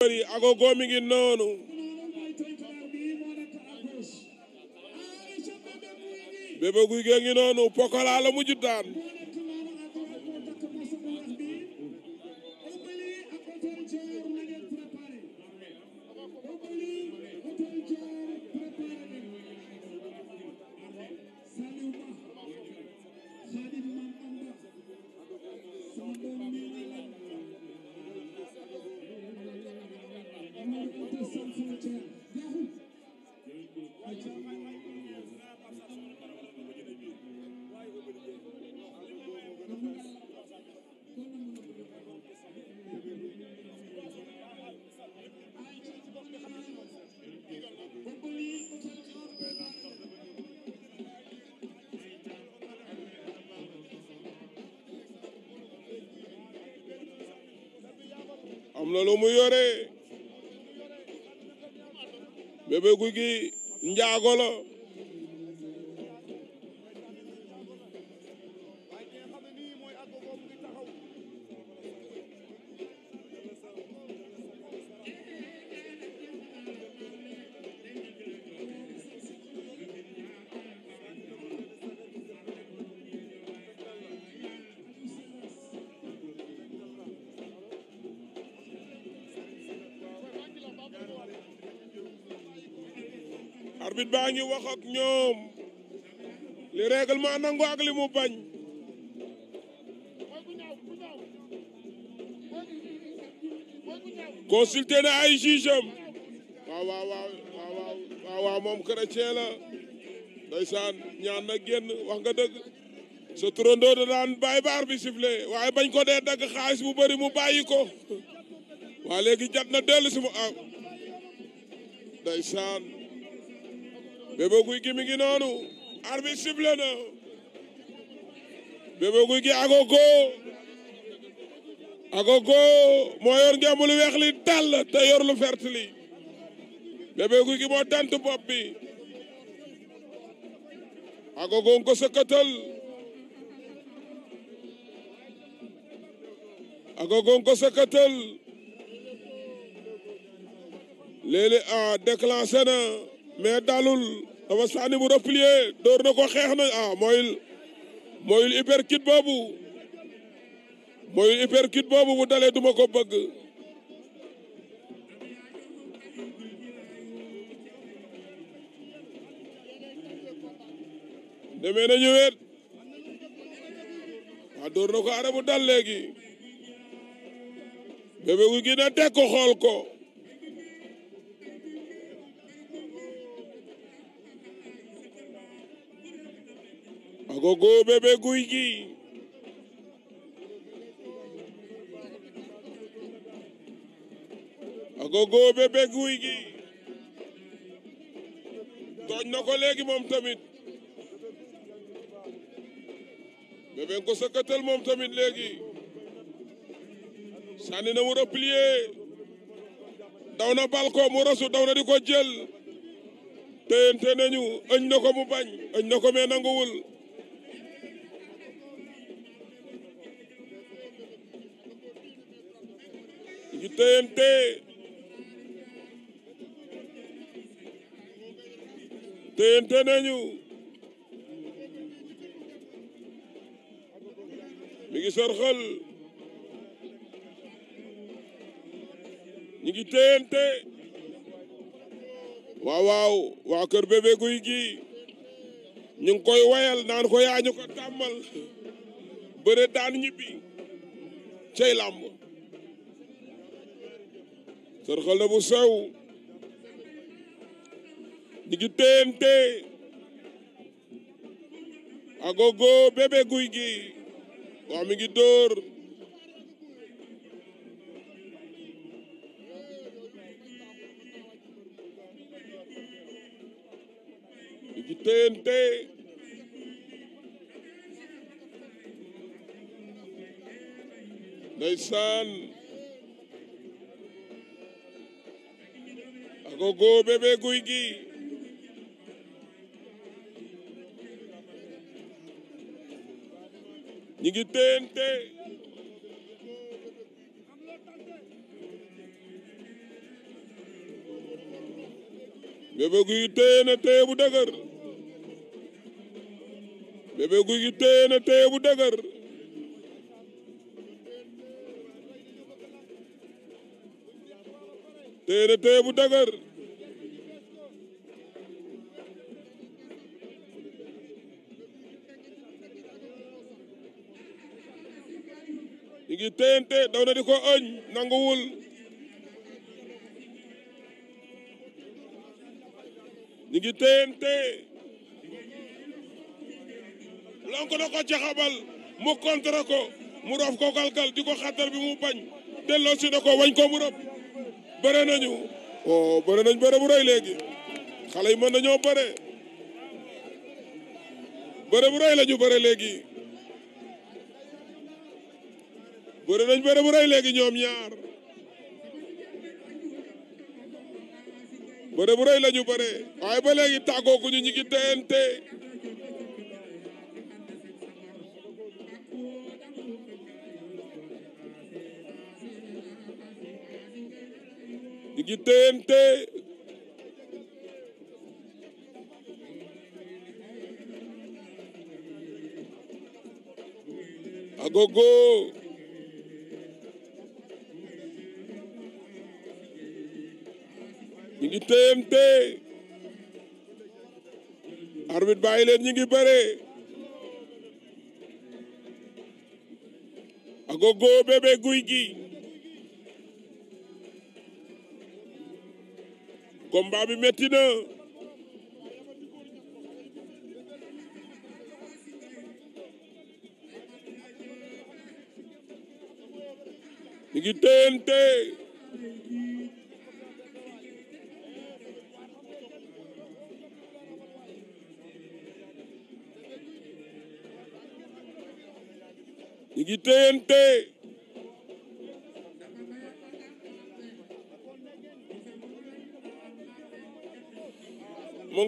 bëri agogo mi noonu Bébé Gouy am na mu yore bébé guy gi njaago la arbitre baa ngi wax ak ñoom li règlement nangu ak mu bañ consulté na ay juge am waaw waaw waaw waaw waaw moom chrétien la ndeysaan ñaan na génn wax nga dëgg sa turandoo da daan bàyyi ba arbitre sifflé waaye bañ ko dee dagg xaalis bu bëri mu bàyyi ko waa léegi jat na dellu si mu ah ndeysaan Bébé Gouy Gui mi ngi noonu arbitre sifflé na Bébé Gouy Gui Agogo Agogo moo yor ngemb weex li tàll te lu vert li Bébé Gouy moo tant bopp Agogo nga ko sëkkatal a ah, déclenché mais dalul dafa sànni bu replié dóor na ko xeex na ah mooy mooyul uppercut boobu mooyul uppercut boobu bu dalee duma ko bëgg demee nañu weet waa ah, dóor na ko arabu dal léegi bébé gu gi na teg xool ko Gogo bébé guy gi Gogo guy gi tooñ na ko léegi moom tamit bébé ko sëkkatal moom tamit léegi sànni na mu replier daw na bal ko daw na di ko jël téyente nañu ëñ na ko mu bañ na ko mais nanguwul ñu téyante téyante nañu mi ngi sorxal ñu ngi téyante waaw waaw waa kër bébé guy gi ñu ngi koy wayal naan ko yaa ñu ko tàmmal bëre daan ñibbi cey làmb sorxal na bu sew digi TNT agogo bébé guy gi wax mi ngi dóor digi TNT ndeysaan gogo bébé guy gi ñi ngi téente bébé guy gi téye na téye bu dëgër bébé guy gi téye na téye bu dëgër téye na téye bu dëgër ñu ngi téyante daw di ko ëñ nanguwul ñu ngi téyante lonk na ko jaxabal mu kontra ko mu rof ko kalkal di ko xatar bi mu bañ delloo na ko wañ ko mu rob bëre nañu o oh, bëre nañ bëre bu rëy léegi xale yi nañoo bëre bare bu rëy la ñu bëre léegi bëre nañ bëre bu rëy léegi ñoom ñaar bëre bu rëy la ñu bëre waaye ba léegi tàggooguñu ci TNT agogo ñu ngi TNT leen ñu ngi bëre agogo bébé guy gi combat bi metti na ñu ngi téyante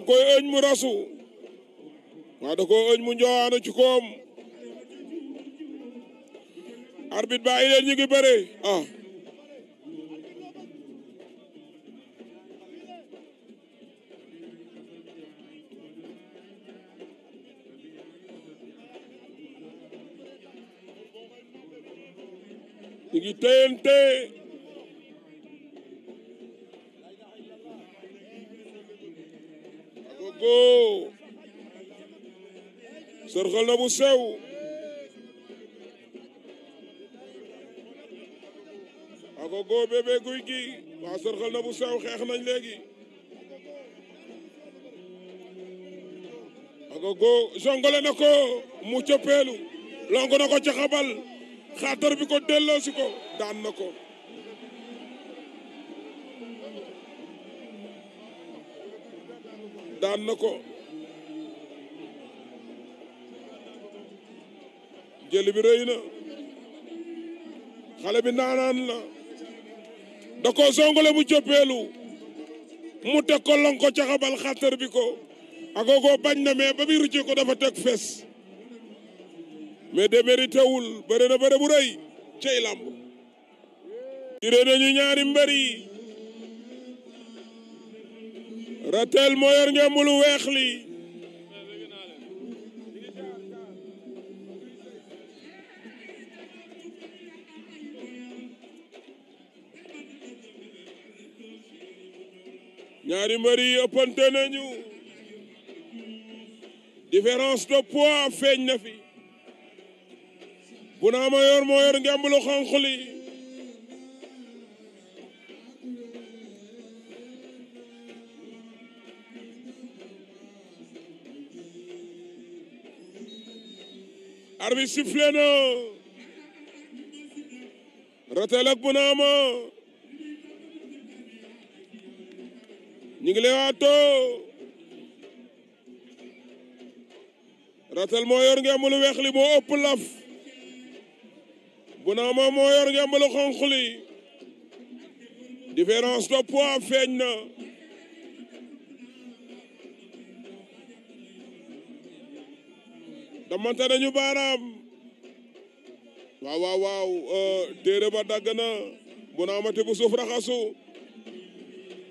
koy ëñ mu rasu waa da ëñ mu njoowaano ci koom arbitre ba ileen ñi ngi bëre ah. ñi ngi téyante toll bu sew agogo bébé guy gi waa sorxal na bu sew xeex nañ léegi agogo jongole na ko mu coppeelu lonko na ko ca xabal xaatar bi ko delloosi ko daan na ko daan na ko jël bi rëy na xale bi naanaan la da ko songale mu coppeelu mu teg ko lon caxabal xattar bi ko agogo bañ na mais ba muy rucce ko dafa teg fes mais démérité wul bëre na bëre bu rëy cey làmb tiré nañu ñaari mbër yi ratel moo yor ngeen mulu weex ñaari mbër yi différence de poids feeñ na fi Bounama yor moo yor ngemb lu xonq li arbitre sifflé ñu ngi leewaatoo ratal moo yor ngemb lu weex li laf Bounama moo yor ngemb lu xonq différence de poids feeñ na damante nañu baaraam waaw waaw waaw euh, téere ba dagg na Bounama suuf raxasu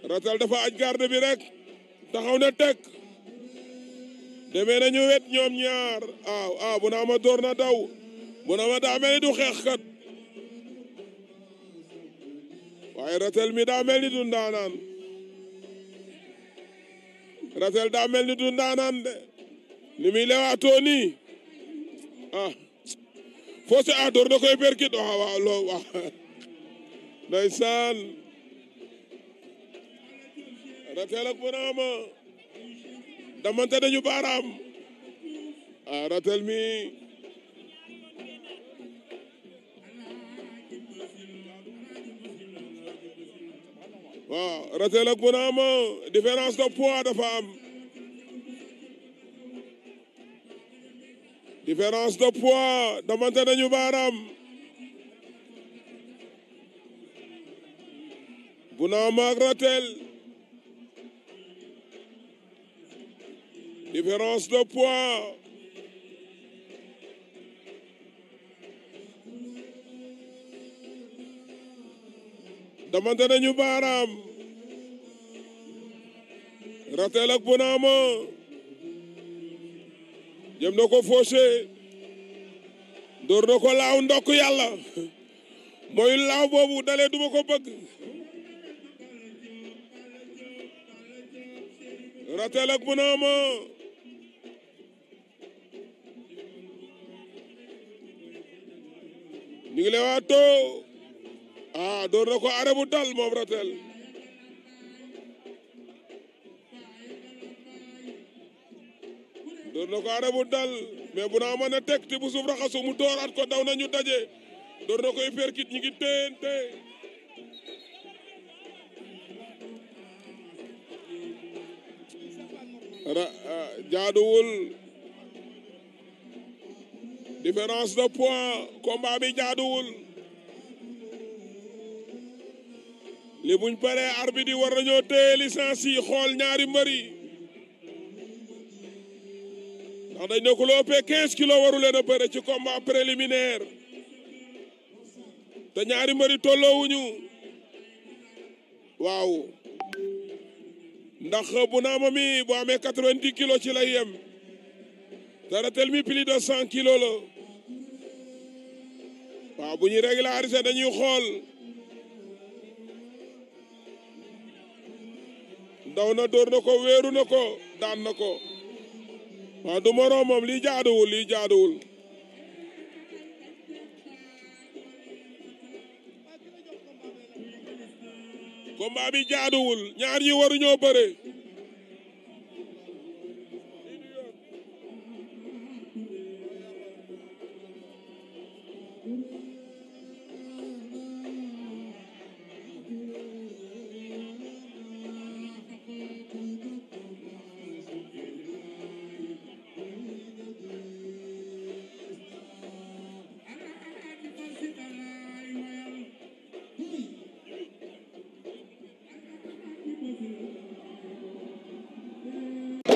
ratal dafa aj garde bi rek taxaw na tek demee nañu wet ñoom ñaar aaw aaw bu naa ma door daw bu naa ma daa mel ni du xeexkat waaye ratel mi daa mel ni du ndaanaan ratel daa mel ni du ndaanaan de ni muy lewaatoo nii ah foo si koy perkit waaw waaw loo waaw ndeysaan rateel ak Bourama damante nañu baaraam a ah, ratel mi waaw ratel ak Bourama différence de poids dafa am différence de poids damante nañu baaraam Bourama ak ratel Différence de poids. damante baaraam ratel ak Bounama jëm na ko fauché dóor laaw ndokk yàlla mooy laaw boobu dalee duma ko bëgg ratel ak Bounama ñu ngi leewaatoo ah door na ko arrêt bu dal moom Ratel door ko arrêt bu dal mais bu naa mën a teg te bu suuf raxasu mu dooraat ko daw nañu daje door na ko uppercut ñu ngi téente ah, jaaduwul différence de point combat bi jaaduwul li buñ paree arbitre yi war nañoo téye licence yi xool ñaari mbër ndax dañ ne ku la ëppee kilos waru leen a bëre ci combat préliminaire te ñaari mbër yi tolloowuñu waaw ndax bu naa mi bu amee 90 kilos ci lay yem Taratel mi plus de cent kilos la waaw bu ñu régulariser dañuy xool daw na dóor na ko wéeru na ko daan na ko waaw du moroomam lii jaaduwul lii jaaduwul combat bi jaaduwul ñaar ñi waruñoo bëre